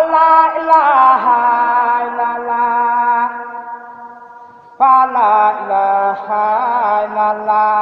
la la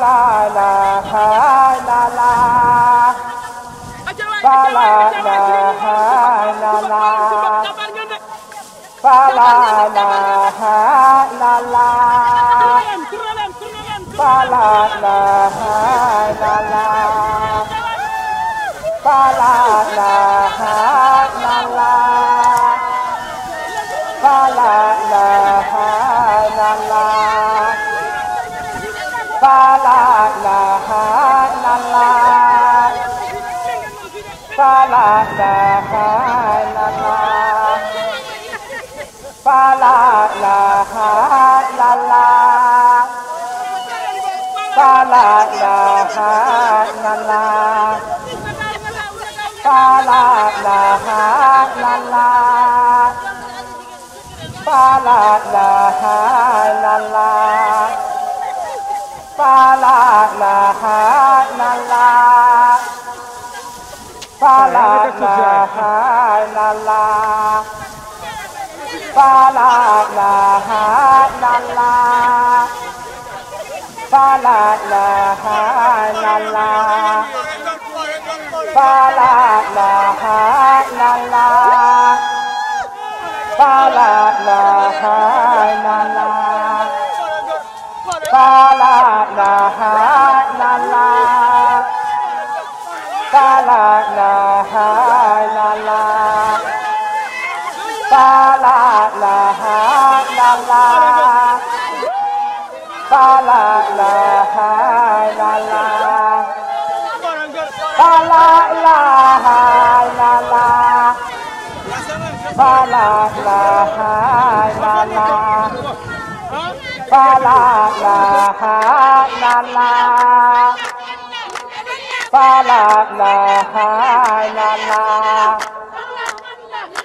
la la la la la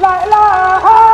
来啦！哈。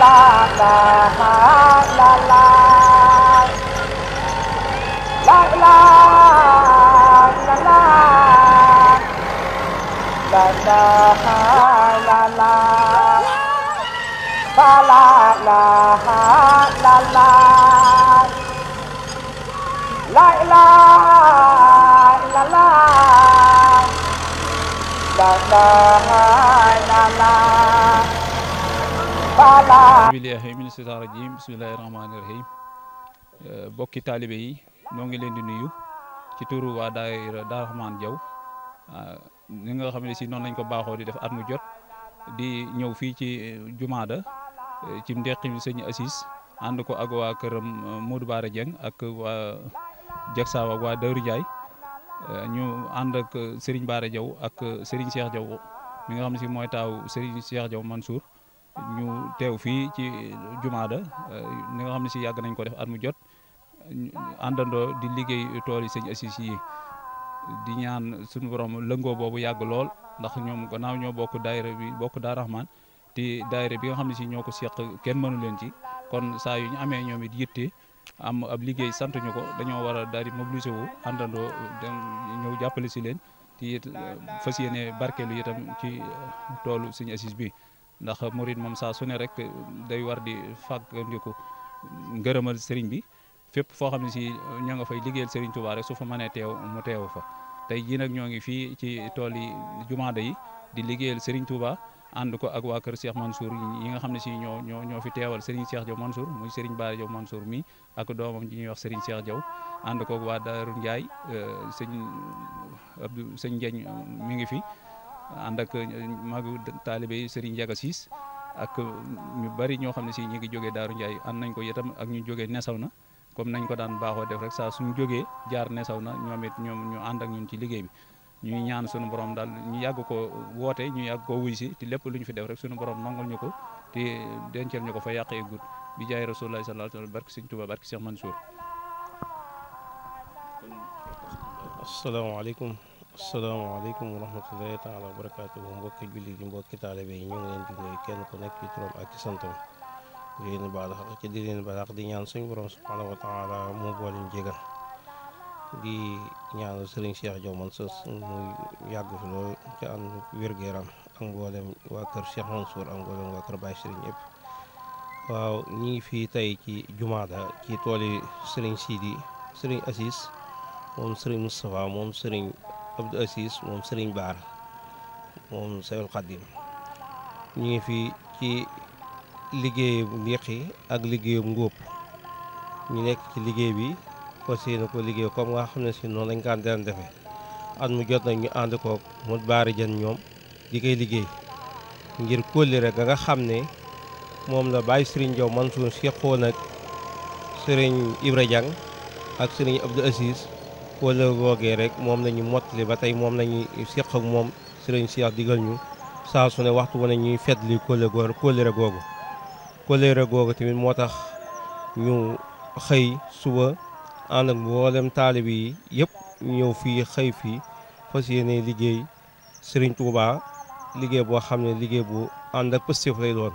la la la. min shaytan rajim bismillahir rahmanir rahim eh, bokki talibé yi ñoo ngi leen di nuyu ci turu waa daayira Darahman Diaw ah, ni nga xam ne si lañ ko baaxoo di def at mu jot di ñëw fii ci eh, jumaada eh, ci ndeqim sëñ Assis ànd ko ak waa këram Modou Bara Dieng ak wa Jaksaaw ak waa Dawri Ndiaye ñu ànd ak Serigne Bara Diaw ak Serigne Cheikh Diaw mi nga xam ne si mooy Serigne Cheikh Diaw Mansour ñu teew fii ci eh, jumaada eh, ni nga xam ne si yàgg nañ ko def at mu jot àndandoo di liggéey tool yi sëñ Assis yi di ñaan suñu borom lëngoo boobu yàgg lool ndax ñoom gannaaw ñoo bokk daayira bi bokk daa raxmaan ti daayira bi nga xam ne si ñoo ko seq kenn mënu leen ci kon saa yu ñu amee ñoom it yitte am ab liggéey santuñu ko dañoo war a daal di mobiliser wu àndandoo dem ñëw jàppale si leen te it eh, fas yéene barkeelu itam ci toolu sëñ Assis bi ndax murit moom saa su ne rek day war di fàggandiku ngërëmal sëriñ bi fépp foo xam ne si ña nga fay liggéeyal sëriñ Tuubaa rek su fa manee teew mu teew fa tey jii nag ñoo ngi fii ci tool yi jumaada yi di liggéeyal sëriñ Tuubaa ànd ko ak waa kër man Mansour yi nga xam ne si ñoo ñoo ñoo fi teewal Serigne Cheikh Diaw Mansour muy Serigne man Diaw mi ak doomam ji ñuy wax Serigne Cheikh Diaw ànd ko waa Daaru Ndiaye euh, sëñ Abdou sëñ mi ngi fi ànd ak euh, magu taalibe yi Serigne Ndiaga Ciss ak ñu bari ñoo xam ne si ñu ngi jógee Daaru Ndiaye ànd nañ ko itam ak ñu jógee nesaw na comme nañ ko daan baaxoo def rek saa suñu jógee jaar nesaw na ñoom it ñoom ñu ànd ñun ci liggéey bi ñuy ñaan suñu borom daal ñu yàgg ko woote ñu yàgg ko wuy si te lépp lu ñu fi def rek suñu borom nangul ñu ko ti dencal ñu ko fa yàqee gudd bi jaay Rasulullah sallallahu alayhi wa sallam barke Sëñ Tuubaa barke Cheikh Mansour asalaamaaleykum asalaamaaleykum wa rahmatullahi taala wa barakaatuhu mbokki jullit yi mbokki taalibe yi ñu ngi leen di nuyu kenn ku nekk ci turam ak ci santam di leen di ñaan suñu borom subhaanahu wa taala mu boole ñu jégal di ñaanal sëriñ yàgg fi am wér yaram ak mboolem waa kër Cheikh Mansour ak mboolem waa kër Baye Sëriñ yëpp waaw ñu ngi fii tey ci jumaada ci tooli sëriñ Sidi sëriñ Assis moom sëriñ Moustapha moom sëriñ Abdou Aziz moom Serigne Baara moom Sayul Xadim ñu ngi fi ci liggéeyum yi ak liggéeyum ngóob ñu nekk ci liggéey bi fas yéene ko liggéey comme nga xam ne si noonu lañ kaan daan defee at mu jot nag ñu ànd koog mu baari jën ñoom di koy liggéey ngir kóllëre ga nga xam ne moom la bàyyi Serigne Diaw Mansour seqoon ak Serigne Ibra Diang ak Serigne Abdou Aziz kóllëre googee rek moom la ñu mottali ba tey moom la ñu seq ak moom sëriñ Cheikh digal ñu saa su ne waxtu wane ñuy fetli kóllëre kóllëre googu kóllëre googu tamit moo tax ñu xëy suba ànd ak mboolem taalib yi yëpp ñëw fii xëy fii fas yéene liggéey sëriñ Touba liggéey boo xam ne liggéey bu ànd ak positif lay doon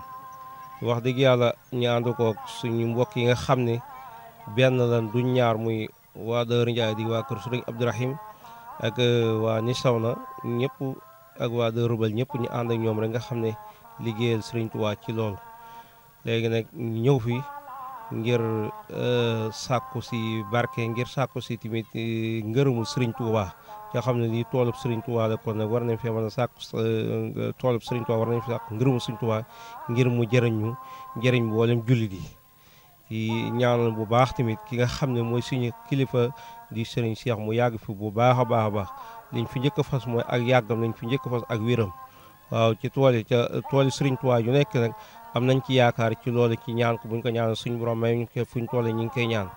wax dëgg yàlla ñu ànd koog suñu yi nga xam ne benn lan du ñaar muy waa Daaru Ndiaye di waa kër Sëriñ Abdourahim ak euh, waa ni na ñëpp ak waa Daaru Rubal ñëpp ñu ànd ñoom rek nga xam ne liggéeyal Sëriñ Tuubaa ci loolu léegi nag ñëw fi ngir euh, sàkku si barke ngir sàkku si tamit euh, ngërëmu Sëriñ Tuubaa nga xam ne nii toolub Sëriñ Tuubaa la kon nag war nañ fee mën a sàkku toolub Sëriñ Tuubaa war nañ fi sàkku ngërëmul Sëriñ Tuubaa ngir mu jëriñ ñu jëriñ mboolem jullit yi di ñaanal bu baax tamit ki nga xam ne mooy suñu kilifa di sëriñ Cheikh mu yàgg fi bu baax a baax a baax liñ fi njëkk fas mooy ak yàggam liñ fi njëkk a fas ak wéram waaw ci tool yi ca tool yi sëriñ Tuubaa yu nekk nag am nañ ci yaakaar ci loolu ci ñaan ko buñ ko ñaanal suñu borom may ñu ko fuñ toole ñu ngi koy ñaan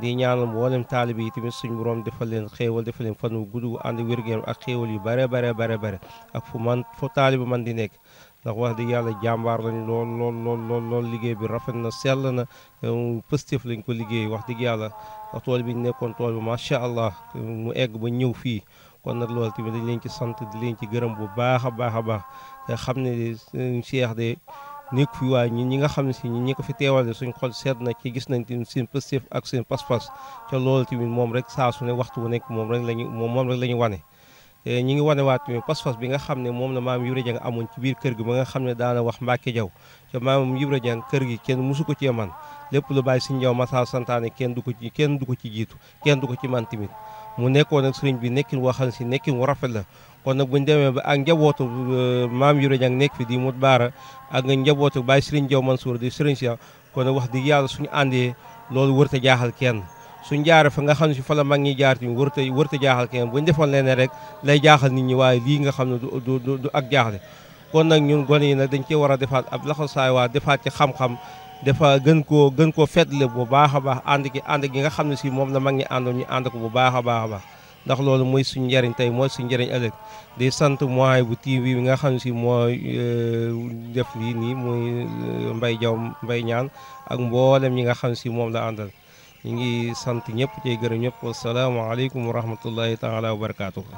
di ñaanal mboolem taalibe yi tamit suñu borom defal leen xéewal defal leen fan wu gudd wu ànd wér gu ak xéewal yu bare bare bare bare ak fu man man di nekk ndax wax dëgg yàlla jàmbaar lañ lool lool lool lool lool liggéey bi rafet na sell na pëstéef lañ ko liggéey wax dëgg yàlla ndax tool bi nekkoon tool bi macha allah mu egg ba ñëw fii kon nag loolu tamit dañ leen ci sant di leen ci gërëm bu baax baax a baax te xam ne Cheikh de nekk fi waaye ñi ñi nga xam ne si ñi ko fi teewale suñ xool seet na ci gis nañ tamit seen pëstéef ak seen paspas pas ca loolu tamit moom rek saa su ne waxtu bu nekk moom rek lañu moom rek la ñu wane Eh, ñi ngi wanewaat pas-pas bi nga xam ne moom na maam Ibra Dieng amoon ci biir kër gi ba nga xam ne daana wax Mbacke Diaw te maam Ibra Dieng kër gi kenn musu ko cee man lépp lu bàyyi Sëriñ Diaw Massa santaane kenn du ko ci kenn du ko ci jiitu kenn du ko ci man tamit mu nekkoon nag sëriñ bi nekkin woo xam si nekkin wu rafet la kon nag buñu demee ba ak njabootu eh, maam Ibra Dieng nekk fi di mut baara ak njabootu bàyyi Sëriñ man Mansour di sëriñ si kon nag wax dëgg yàlla suñu àndee loolu wërta jaaxal kenn suñ jaaree fa nga xam ne si fa la mag ñi jaar tamit wërta wërta jaaxal kenn ñu defoon leneen rek lay jaaxal nit ñi waaye lii nga xam ne du du du ak jaaxle kon nag ñun gone yi nag dañ cee war a defaat ab laxasaay waa defaat ci xam-xam dafa gën koo gën koo feetle bu baax a baax ànd ki ànd gi nga xam ne si moom la mag ñi àndoon ñu ànd ko bu baax a baax baax ndax loolu mooy suñ njëriñ tey mooy suñ njëriñ ëllëg di sant mooy bu TV bi nga xam ne si mooy euh, def lii nii muy euh, mbay Diaw Mbaye ñaan ak mboolem ñi nga xam si moom la àndal ñu ngi sant ñëpp cey gërëm ñëpp wassalaamu aleykum wa rahmatullahi taala wa barakaatuhu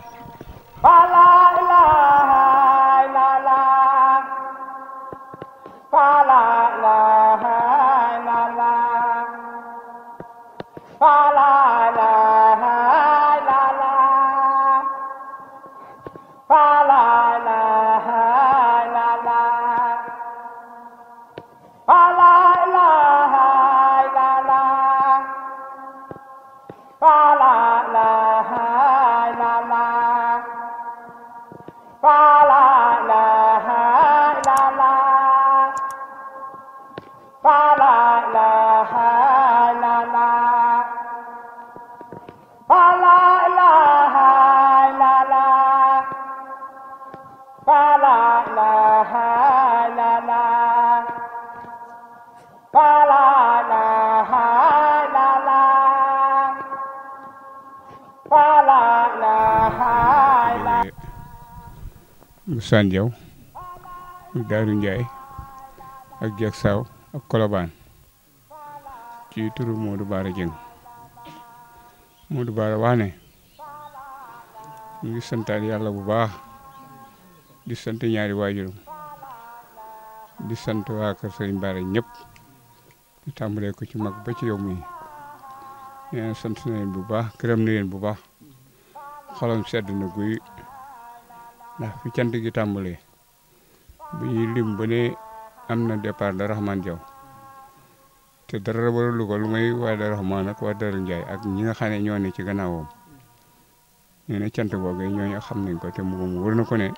Sanjaw ak Daaru Njaay ak Jeeg Saw ak Kolobaan ci turu Modou Bara Dieng Modou Bara wax ne mu ngi santaan yàlla bu baax di sant ñaari waajuram di sant waa kër sëriñ Bara di tàmbalee ko ci mag ba ci yow mii na sant na leen bu baax gërëm na leen bu baax xolam sedd na guy ndax fi bu ñuy lim ba am na départ da Rahman Diaw te dara waralu ko lu may waa da Rahman nak waa Daral Ndiaye ak ñi nga xam ne ñoo ne ci gannaawam nee na cant googu ñooñu xam nañ ko te mu wër na ko ne.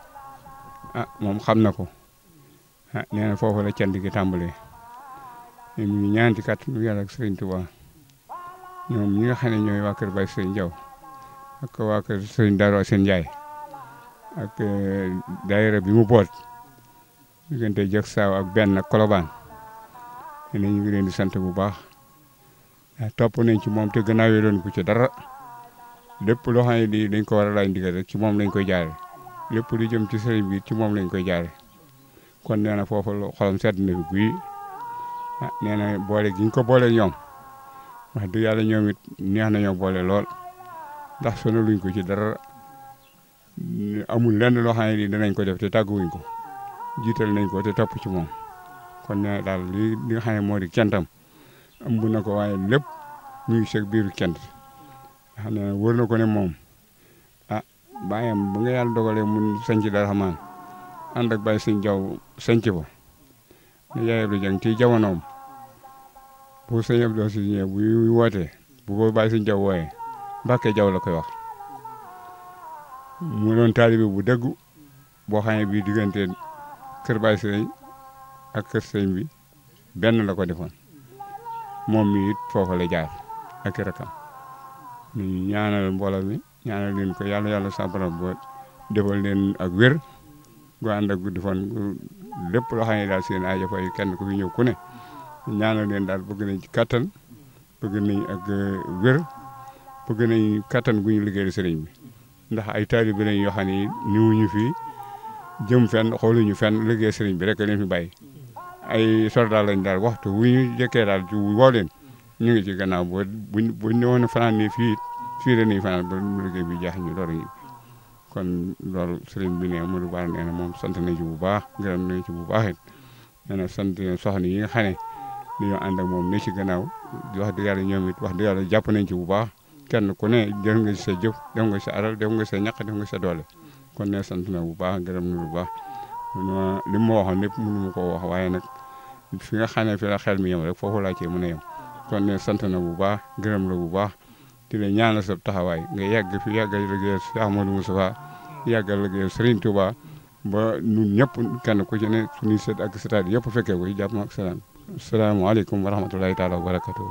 ah moom xam na ko ah nee na foofu la cant gi tàmbalee ñu ngi ñaan ci kàttanu yàlla ak Serigne Touba ñoom ñi nga xam ne ñooy waa ak waa kër Serigne Darou Sène ak eh, daayira bi mu boot diggante Jok Saaw ak benn ak Kolobaan ñu ngi leen di sant bu baax ah, topp nañ ci moom te gannaaw yoroon ko ci dara lépp loo xam ne lii dañ ko war a laaj ndigal rek ci moom lañ koy jaarale. lépp lu jëm ci sëriñ bi ci moom lañu koy jaare kon nee na foofu xolam sedd na fi guy ah nee na boole gi ko boole ñoom wax dëgg yàlla ñoom it neex nañoo boole lool ndax sonaluñ ko ci dara amul lenn loo xam ne lii danañ ko def te tàgguwuñ ko jiital nañ ko te topp ci moom kon nee daal lii li nga moo di cantam ëmb na ko waaye lépp muy sëg biiru cant xam ne wër na ko ne moom. baayam ba nga yàlla dogalee mun sanc Darou ànd ak Baye Sëñ Diaw sanc ko nu yaayee lu ci jamonoom bu sëñ Abdou si ñëwee bu wootee bu ko Baye Sëñ Diaw wooyee Mbacke Diaw la koy wax mu doon bu dëggu boo xam bii diggante kër Baye Sëñ ak kër sëñ bi benn la ko defoon moom mi it foofu la jaar ak rakam ñu ñaanal mi ñaanal leen ko yàlla yàlla sa borom ba defal leen ak wér gu ànd ak guddi fan lépp daal seen aajo fay kenn ku fi ñëw ku ne ñaanal leen daal bëgg nañ ci kattan bëgg nañ ak uh, wér bëgg nañ kattan gu ñu liggéeyal sëriñ bi ndax ay taalibe lañ yoo xam ne ñëwuñu fi jëm fenn ñu fenn liggéey sëriñ bi rek leen fi bay ay soldat lañ daal waxtu wu ñu jëkkee daal ci woo leen ñu ngi ci bu bu bu ñëwoon fanaan fii fii la ñuy fanaan ba liggéey bi jaax ñu door a ñibbi kon loolu sëriñ bi nee Modou Bara nee na moom sant nañ ci bu baax gërëm nañ ci bu baax it nee na sant soxna yi nga xam ne dañoo ànd ak moom ne ci gannaaw wax dëgg yàlla ñoom it wax dëgg yàlla jàpp nañ ci bu baax kenn ku ne jël nga ci sa jëf def nga sa alal nga sa ñaq def nga sa doole kon nee sant na bu baax gërëm na bu baax li mu waxoon lépp mënu ko wax waaye nag fi nga xam fi la xel mi yem rek foofu laa cee mën a yem kon nee sant na bu baax gërëm la bu baax di la ñaanal sa taxawaay nga yàgg fi yàggal liggéeyal si Ahmadou Moustapha yàggal liggéeyal Serigne Touba ba ñun ñëpp kenn ku ci ne suñuy sët ak sëtaat yëpp fekkee ko ci jàmm ak salaam. salaamaaleykum wa rahmatulahi taala wa barakatu.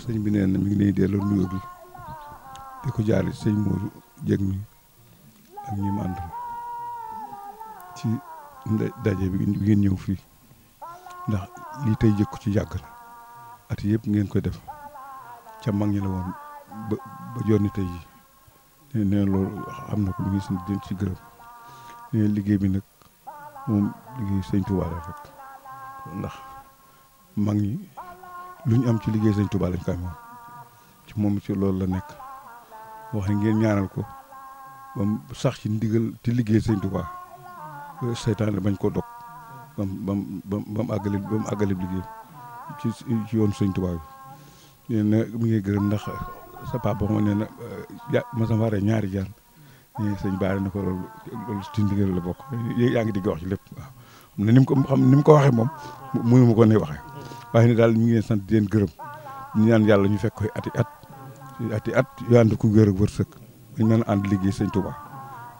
sëñ bi nee na mi ngi lay delloo nuyoo bi di ko jaarale sëñ Modou Dieng mi ak ñi ñëw fii ndax lii tey jëkku ci yàgg at yëpp ngeen koy def ca mag ñi la woon ba ba jonni tey ji nee na am na ko ñu ngi si di ci gërëm liggéey bi nag moom liggéey rek ndax mag ñi lu am ci liggéey sëñ Touba lañ ci moom ci loolu la nekk wax ngeen ñaanal ko ba mu sax ci ndigal ci liggéey sëñ Touba seytaan bañ koo dog bam bam bam ba mu àggali ba mu àggali liggéey ci ci yoon sëñ Tuubaa bi nee na mi ngi gërëm ndax sa papa ma nee na ja ma sama waree ñaari jaan nee sëñ Baara na ko loolu loolu ci ndigal la bokk yaa ngi digg wax ci lépp waaw ne ni mu ko xam ni mu ko waxee moom mënu ma ko ne waxee waaye ne daal ñu ngi leen sant di gërëm ñu ñaan yàlla ñu fekk koy ati at ati at yu ànd ku gër ak wërsëg dañ mën a ànd liggéey sëñ Tuubaa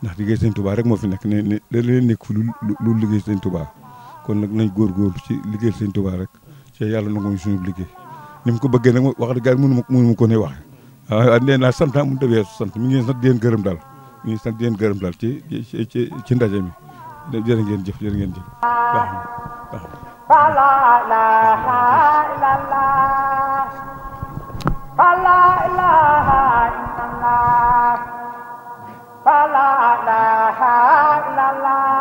ndax liggéey sëñ Tuubaa rek moo fi nekk ne ne da leen nekk fi lu liggéey sëñ tubaa kon nag nañ góorgóorlu ci liggéey sëñ Tuubaa rek te yàlla nangu suñu liggéey ni mu ko bëggee nag wax dëgg yàlla mënu ma mënu ma ko ne wax waaw nee naa sant naa mënut a weesu sant mi ngi leen sant di leen gërëm daal mi ngi sant di leen gërëm daal ci ci ndaje mi jërë ngeen jëf jërë ngeen jëf